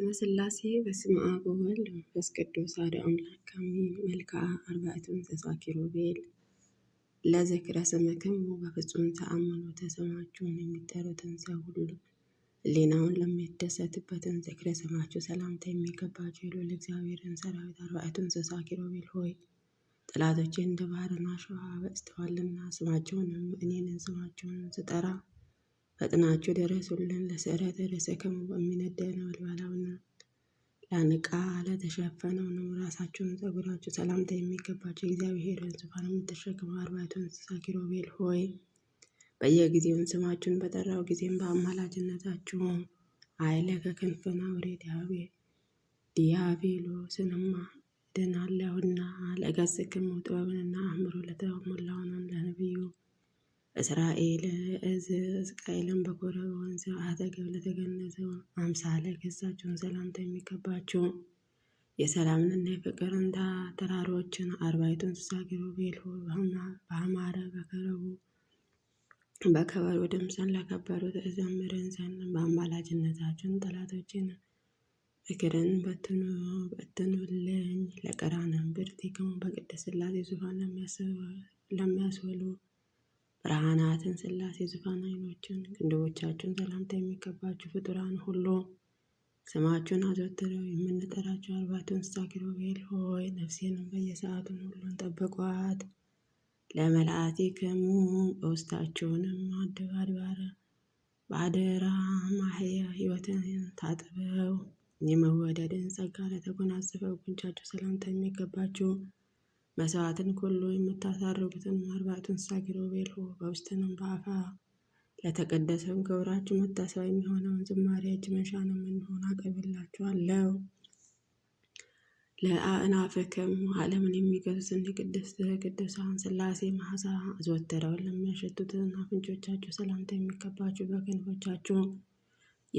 ስመ ስላሴ በስመ አብ ወወልድ መንፈስ ቅዱስ አሐዱ አምላክ አሜን። መልክዐ አርባዕቱ እንስሳ ኪሩቤል ለዘክረ ስምክሙ በፍጹም ተአምኖ ተሰማችሁን የሚጠሩትን ሰው ሁሉ ሕሊናውን ለሚደሰትበትን ዘክረ ስማችሁ ሰላምታ የሚገባቸው የልዑል እግዚአብሔርን ሰራዊት አርባዕቱ እንስሳ ኪሩቤል ሆይ ጠላቶቼ እንደ ባህርና አሸዋ በዝተዋልና ስማቸውንም እኔንን ስማቸውን ስጠራ ፈጥናችሁ ደረሱልን። ለስዕረተ ርእስክሙ በሚነደድ ነበልባላውና ለንቃ ተሸፈነው ነው። ራሳችሁን ጸጉራችሁ ሰላምታ የሚገባቸው እግዚአብሔርን ዙፋን የምትሸከሙ አርባዕቱ እንስሳ ኪሮቤል ሆይ በየጊዜውን ስማችሁን በጠራው ጊዜም በአማላጅነታችሁ አይለ ከክንፍና አውሬ ዲያብሎስንማ ድናለሁና ለገጽክሙ ጥበብንና አእምሮ ለተሞላውንም ለነቢዩ እስራኤል እዝ ቃኤልን በኮረብ ወንዝ አጠገብ ለተገነዘው አምሳለ ገጻችሁን ሰላምታ የሚገባችሁ የሰላምንና የፍቅርን ተራሮችን አርባይቱ እንስሳ ኪሩቤል በአማረ በከረቡ በከበሮ ድምፅን ለከበሩት እዘምርን ዘን በአማላጅነታችን ጠላቶችን ፍቅርን በትኑ በትኑልኝ ለቀራንም ብርቲክሙ በቅድስት ሥላሴ ዙፋን ለሚያስወሉ ብርሃናትን ስላሴ ዙፋን ዓይኖችን ቅንድቦቻችሁን ሰላምታ የሚገባችሁ ፍጡራን ሁሉ ስማችሁን አዘወትረው የምንጠራቸው አርባቱ እንስሳ ኪሩቤል ሆይ ነፍሴንም በየሰዓቱን ሁሉን ጠብቋት። ለመላእክሙ በውስጣችሁንም አድባ አድባረ በአደራ ማህያ ሕይወትን ታጥበው የመወደድን ጸጋ ለተጎናጸፈ ጉንቻችሁ ሰላምታ የሚገባችሁ መስዋዕትን ኩሉ የምታሳርጉትን አርባዕቱ እንስሳ ኪሩቤል ሆይ በውስጥንም በአፋ ለተቀደሰውን ክብራችሁ መታሰቢያ የሚሆነውን ዝማሬ እጅ ነው እንሆን አቀርብላችኋለሁ። ለአእናፍክም ዓለምን የሚገዙትን የቅድስት ቅዱሳን ስላሴ መዓዛ አዘወትረውን ለሚያሸቱትን አፍንጮቻችሁ ሰላምታ የሚገባችሁ በክንፎቻችሁ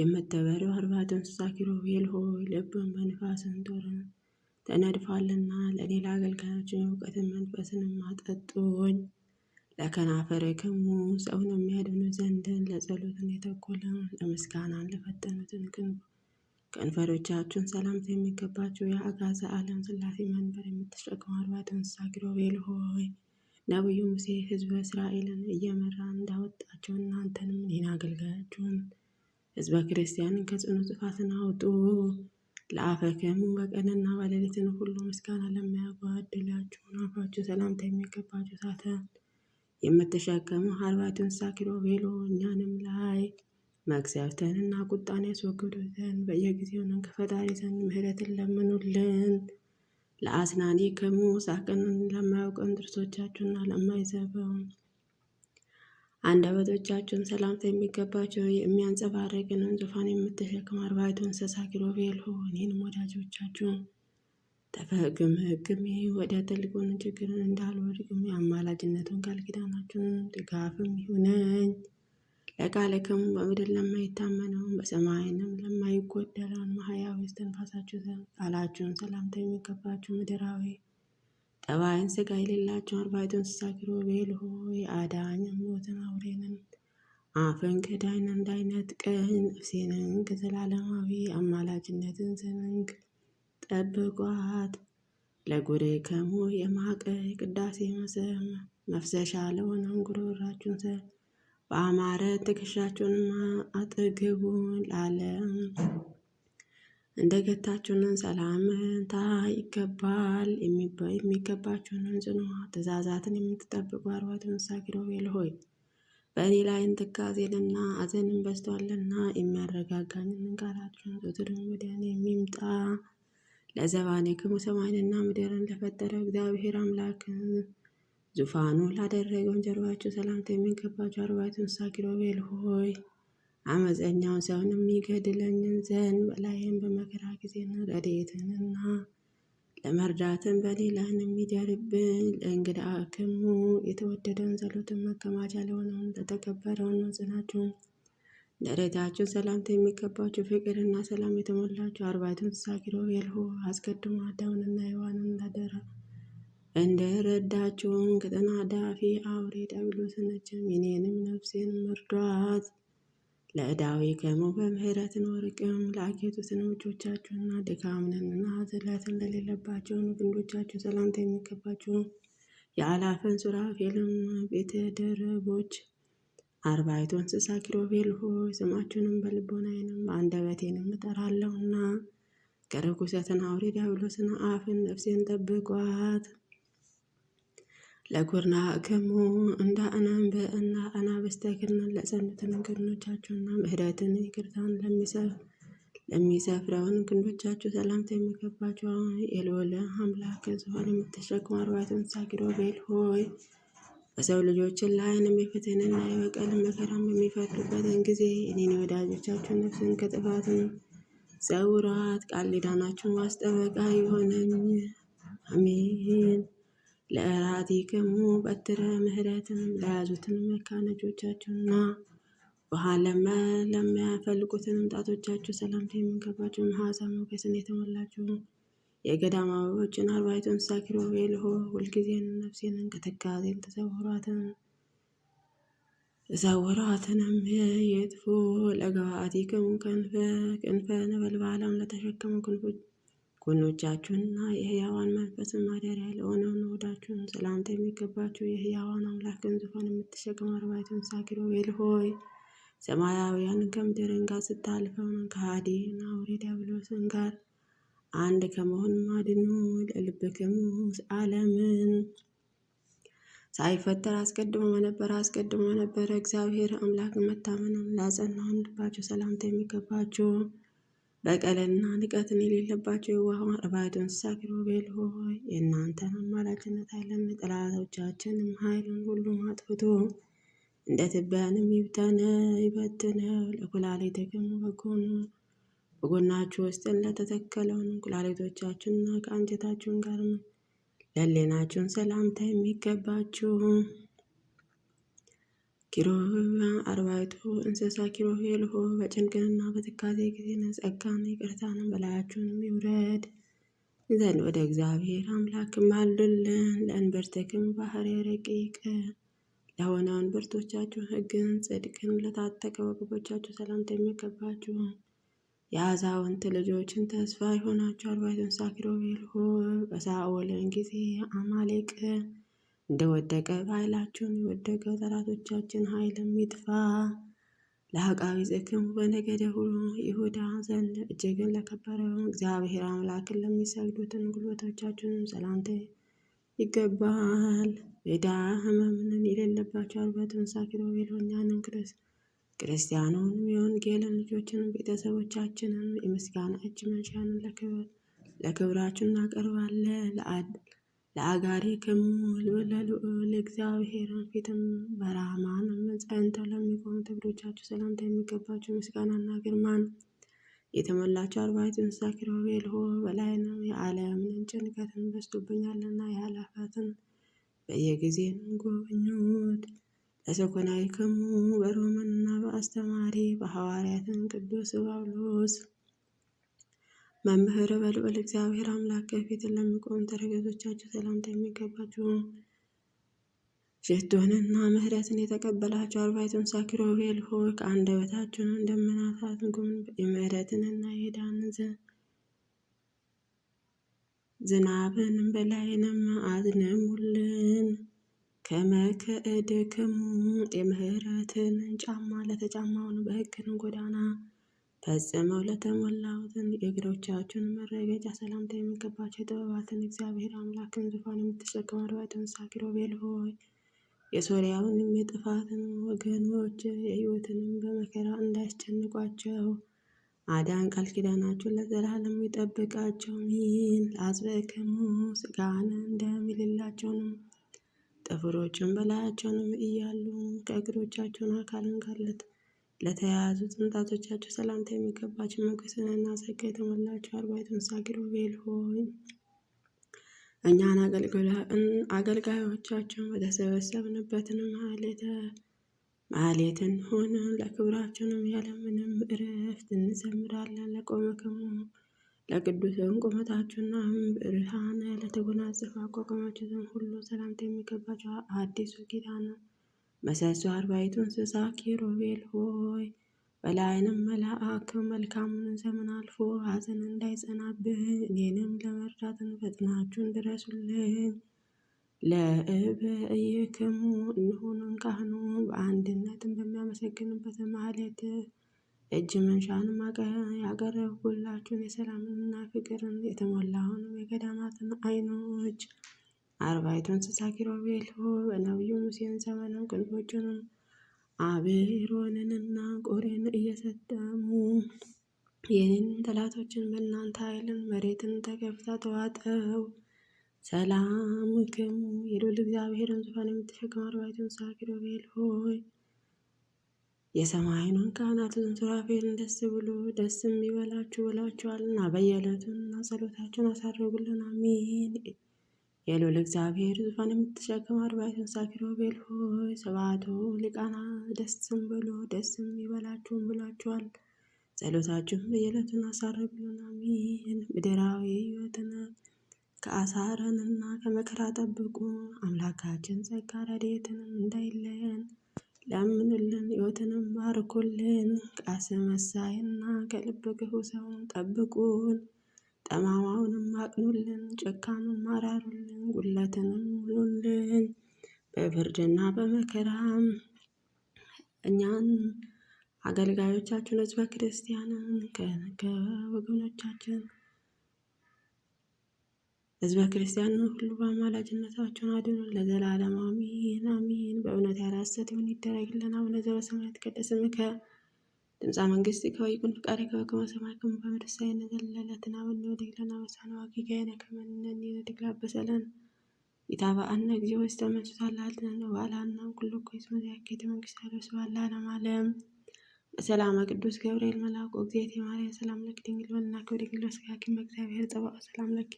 የምትበሩ አርባዕቱ እንስሳ ኪሩቤል ሆይ ልብን በንፋስን ጦርን ተነድፋልና ለሌላ አገልጋዮች እውቀትን ማጠጡን አጠጡኝ። ክሙ ሰውን የሚያድኑ ዘንድን ለጸሎትን የተኮለ ለምስጋና ለፈጠኑትን ክንፍ ከንፈሮቻችሁን ሰላምታ የሚገባቸው የአጋዘ ዓለም ስላሴ መንበር የምትሸከሙ አርባዕቱ እንስሳ ኪሩቤል ሆይ ነቢዩ ሙሴ ሕዝበ እስራኤልን እየመራ እንዳወጣቸው እናንተንም ይህን አገልጋያችሁን ሕዝበ ክርስቲያንን ከጽኑ ጥፋትን አውጡ። ለአፈክሙ በቀንና በሌሊትን ሁሉ ምስጋና ለሚያጓድላችሁ አፋችሁ ሰላምታ የሚገባችሁ ሳተን የምትሸከሙ አርባዕቱ እንስሳ ኪሩቤል እኛንም ላይ መቅሰፍትንና ቁጣን ያስወግዱ ዘንድ በየጊዜው ከፈጣሪ ዘንድ ምሕረትን ለምኑልን። ለአስናኒ ክሙ ሳቅን ለማያውቀን ጥርሶቻችሁና ለማይዘበውን አንደበቶቻችሁን ሰላምታ የሚገባቸው የሚያንጸባርቅንም ዙፋን የምትሸክም አርባዕቱ እንስሳ ኪሩቤል ሆይ እኔንም ወዳጆቻችሁ ተፈግም ህግም ወደ ትልቁን ችግርን እንዳልወድቅም የአማላጅነቱን ቃል ኪዳናችሁን ድጋፍም ይሁነኝ። ለቃልክም በምድር ለማይታመነውን በሰማይንም ለማይጎደለውን ማህያዊ እስትንፋሳችሁ ቃላችሁን ሰላምታ የሚገባችሁ ምድራዊ ጠባይን ስጋ የሌላቸው አርባዕቱ እንስሳ ኪሩቤል ሆይ አዳኝ ሞትን አውሬንን አፍን ከዳይን ቀን ነፍሴንን ከዘላለማዊ አማላጅነትን ዘንግ ጠብቋት። ለጉሬ ከሙ የማቀ ቅዳሴ መሰም መፍሰሻ ለሆነውን ጉሮራችሁን ሰ በአማረ ትከሻችሁን አጠግቡን ለዓለም እንደ ገታችሁንን ሰላምታ ይገባል የሚገባችሁንን ጽኑ ትእዛዛትን የምትጠብቁ አርባቱ እንስሳ ኪሩቤል ሆይ በእኔ ላይ ትካዜንና ሐዘንን በዝቷልና የሚያረጋጋኝን ቃላችሁን ዘወትርን ወደ እኔ የሚምጣ ለዘባኔክሙ ሰማይንና ምድርን ለፈጠረው እግዚአብሔር አምላክ ዙፋኑ ላደረገውን ጀርባችሁ ሰላምታ የሚገባችሁ አርባቱ እንስሳ ኪሩቤል ሆይ አመፀኛው ሰውን የሚገድለኝን ዘንድ በላይም በመከራ ጊዜና ረድኤትንና ለመርዳትን በሌላን የሚደርብን ለእንግዳ አክሙ የተወደደውን ጸሎትን መከማቻ ለሆነውን ነው። ጽናችሁን ለረዳችሁን ሰላምታ የሚገባችሁ ፍቅርና ሰላም የተሞላችሁ አርባዕቱ እንስሳ ኪሩቤል ሆይ አስቀድሞ አዳምንና ሔዋንን እንዳደራ እንደረዳችሁን ከጠና ዳፊ አውሬ ዲያብሎስን እጅም የኔንም ነፍሴን ምርዷት ለዕዳዊ ገሙ በምህረትን ወርቅም ለአጌጡትን እጆቻችሁንና ድካምንና ዝለትን ለሌለባቸውን ክንዶቻችሁ ሰላምታ የሚገባችሁ የአላፈን ሱራፌልም ቤተ ደረቦች አርባይቱ እንስሳ ኪሮቤል ሆይ ስማችሁንም በልቦናዬንም በአንደበቴንም እጠራለሁና ከርኩሰትን አውሬ ዲያብሎስን አፍን ነፍሴን ጠብቋት። ለጉርና ክሙ እንደ አናንበ እና አናብስተ ክርና ለጸኑት መንገዶቻችሁና ምሕረትን ይቅርታን ለሚሰፍረውን ክንዶቻችሁ ሰላምታ የሚገባቸው የልዑል አምላክ ዝሆን የምትሸክሙ አርባዕቱ እንስሳ ቤል ሆይ በሰው ልጆችን ላይን የፍትህንና የበቀል መከራም የሚፈርዱበትን ጊዜ እኔን የወዳጆቻችሁን ነፍስን ከጥፋትን ሰውራት ቃል ሊዳናችሁን ማስጠበቃ ይሆነኝ። አሜን። ለእራቲክሙ በትረ ምህረትን ለያዙትን መካነጆቻቸውና ውሃን ለሚያፈልቁትን ጣቶቻቸው ሰላምታ የምንገባቸው መሐዛ ሞገስን የተሞላቸው የገዳም አበቦችን አርባዕቱ እንስሳ ኪሩቤል ሁልጊዜን ነፍሴንን ከትካዜም ተሰውሯትን ተሰውሯትንም የጥፉ ለገባአቲክሙ ክንፈ ክንፈ ነበልባላም ለተሸከሙ ክንፎች ጎኖቻችሁንና የህያዋን መንፈስን ማደሪያ ለሆነው ንዑዳችሁን ስለአንተ የሚገባችሁ የሕያዋን አምላክን ዙፋን የምትሸከም አርባዕቱን ቤል ሆይ ሰማያውያን ከምድርን ጋር ስታልፈውን ከሃዲን አውሬ ዲያብሎስን ጋር አንድ ከመሆን አድኑ። ለልብክም ዓለምን ሳይፈጠር አስቀድሞ ነበር አስቀድሞ ነበረ እግዚአብሔር አምላክ መታመን ላጸናን ልባችሁ ሰላምታ የሚገባችሁ በቀለና ንቀትን የሌለባቸው የዋህ እባይቱ እንስሳ ኪሩቤል ሆይ የእናንተን አማላጅነት አይለን ጠላቶቻችንም ኃይልን ሁሉ አጥፍቶ እንደ ትቢያንም ይብተነ ይበትነ ለኩላሊትክሙ በጎኑ በጎናችሁ ውስጥ ለተተከለውን ኩላሊቶቻችሁና ከአንጀታችሁን ጋር ለሌናችሁን ሰላምታ የሚገባችሁ ኪሩቤል አርባዕቱ እንስሳ ኪሩቤል ሆይ በጭንቅንና በትካዜ ጊዜ ጸጋን ይቅርታን በላያችሁንም ይውረድ ዘንድ ወደ እግዚአብሔር አምላክ ማልልን ለእንብርትክም ባህር ረቂቅ ለሆነ እንብርቶቻችሁ ሕግን ጽድቅን ለታጠቀ ወገቦቻችሁ ሰላምታ የሚገባችሁ የአዛውንት ልጆችን ተስፋ የሆናችሁ አርባዕቱ እንስሳ ኪሩቤል ሆይ በሳኦልን ጊዜ አማሌቅ እንደወደቀ በኃይላቸውን የወደቀው ጠላቶቻችን ኃይልም ይጥፋ። ለአቃቢ ዘክም በነገደ ሁሉ ይሁዳ ዘንድ እጅግን ለከበረው እግዚአብሔር አምላክን ለሚሰግዱትን ጉልበቶቻችንም ሰላምታ ይገባል። ዕዳ ህመምንን የሌለባቸው ሳኪሮ እንስሳ ክርስ ክርስቲያኑን ክርስቲያኑንም የወንጌልን ልጆችን ቤተሰቦቻችንን የምስጋና እጅ መንሻንን ለክብራችን እናቀርባለን። ለአጋሪክሙ ለእግዚአብሔርን ፊትም በራማን ጸንተው ለሚቆሙ ትግሮቻችሁ ሰላምታ የሚገባቸው ምስጋናና ግርማን የተሞላቸው አርባዕቱ እንስሳ ኪሩቤል ሆ በላይ ነው። የዓለምን ጭንቀትን በስቶብኛልና የኃላፋትን በየጊዜ ጎብኙት። ለሰኮናዊክሙ በሮምና በአስተማሪ በሐዋርያትን ቅዱስ ባብሎስ መምህር በልዑል እግዚአብሔር አምላክ ፊት ለሚቆሙ ተረከዞቻችሁ ሰላምታ የሚገባችሁ ሽቱንና ምሕረትን የተቀበላችሁ አርባዕቱም ሳኪሮቤል ሆይ ከአንደበታችሁ ደመናታት ጉም የምሕረትንና የዳን ዝናብን በላይንም አዝንሙልን ከመከእድክሙ የምሕረትን ጫማ ለተጫማውን በሕግን ጎዳና ፈጽመው ለተሞላሁትን የእግሮቻችሁን መረገጫ ሰላምታ የሚገባቸው የጥበባትን እግዚአብሔር አምላክን ዙፋን የምትሸከሙ አርባዕቱ እንስሳ ኪሩቤል ሆይ የሶርያውንም የጥፋትን ወገኖች የሕይወትንም በመከራ እንዳያስጨንቋቸው አዳን ቃል ኪዳናችሁን ለዘላለም ይጠብቃቸው። ሚል አዝበክሙ ስጋን እንደሚልላቸውንም ጥፍሮችን በላያቸውንም እያሉ ከእግሮቻቸውን አካልን ጋር ለተያያዙ ጥንጣቶቻችሁ ሰላምታ የሚገባችሁ ሞገስንና ጸጋ የተሞላችሁ አርባዕቱ እንስሳ ኪሩቤል ሆይ እኛን አገልጋዮቻችሁን ወደ ማለተ ማሌትን ሆነን ለክብራችሁንም ያለምንም እረፍት እንዘምራለን። ለቆመ ክሙ ለቅዱስም ቁመታችሁና ብርሃን ለተጎናጸፈ አቋቋማችሁም ሁሉ ሰላምታ የሚገባችሁ አዲሱ ጌታ ነው። መሰሶ አርባይቱ እንስሳ ኪሩቤል ሆይ በላይንም መላአክ መልካሙን ዘመን አልፎ ሐዘን እንዳይጸናብህ እኔንም ለመርዳት ፈጥናችሁን ድረሱልኝ። ለእበእይክሙ እንሆኑን ካህኑ በአንድነትን በሚያመሰግንበት ማህሌት እጅ መንሻን ያቀረብኩላችሁን የሰላምንና ፍቅርን የተሞላውን የገዳማትን አይኖች አርባይቱ እንስሳ ኪሮቤል በነቢዩ ሙሴን ዘመን እንቅልፎቹንም አቤሮንንና ቆሬን እየሰጠሙ የኔንም ጠላቶችን በእናንተ ኃይልን መሬትን ተከፍታ ተዋጠው። ሰላም ክሙ የዶል እግዚአብሔርን ዙፋን የምትሸከሙ አርባይቱ እንስሳ ኪሮቤል ሆይ የሰማይኑን ካህናትን ሱራፌልን ደስ ብሎ ደስ የሚበላችሁ ብላችኋልና በየዕለቱን እና ጸሎታችሁን አሳርጉልን። አሚን የልዑል እግዚአብሔር ዙፋን የምትሸከም አርባዕቱን ኪሩቤል ሆይ ሰባቱ ሊቃና ደስም ብሎ ደስም ይበላችሁም ብሏችኋል። ጸሎታችሁም በየዕለቱን አሳርጉልን። አሜን። ምድራዊ ሕይወትን ከአሳረንና ከመከራ ጠብቁ። አምላካችን ጸጋ ረድኤትንም እንዳይለየን ለምኑልን። ሕይወትንም ባርኩልን። መሳይና ከልብ ክፉ ሰው ጠብቁን። ጠማማውንም አቅኑልን፣ ጨካኑን ማራሩልን፣ ጉድለትንም ሙሉልን። በፍርድና በመከራም እኛን አገልጋዮቻችን ህዝበ ክርስቲያንን ከወገኖቻችን ህዝበ ክርስቲያንን ሁሉ በአማላጅነታቸውን አድኑን ለዘላለም አሜን አሜን። በእውነት ያለ ሐሰት ይሁን ይደረግልን። አቡነ ዘበሰማያት ይትቀደስ ስምከ ድምፃ መንግስቲ ከወይቁን ፍቃደ ከበ ከመ ሰማይ ከመ በምድር ነገር ለትናበኒ ወዲግለና በሳነ ዋጌጋየነ ከመንነኒ ወዲግላ በሰለን ኢታብአነ እግዚኦ ውስተ መንሱት አላልትነ ባላና ኩሉ እኮ ይስመ ያኬተ መንግስት ያለስ ባላ ለማለም ሰላም ቅዱስ ገብርኤል መልአኩ እግዚአብሔር ማርያም ሰላም ለክ ድንግል ወልና ከብሪ ድንግል ስጋኪ በእግዚአብሔር ጠባቅ ሰላም ለክ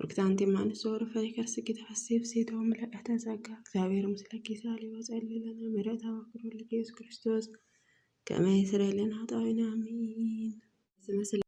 ወርክታንቲ ማንስ ወር ፈሪከር ስኪ ተፈሲብ ሴቶ መለቀተ ጸጋ እግዚአብሔር ምስለኪ ሳሊ ወጸልይ ለነ ምሕረተ ወፍቅሩ ለኢየሱስ ክርስቶስ كما يسر لنا دعينا آمين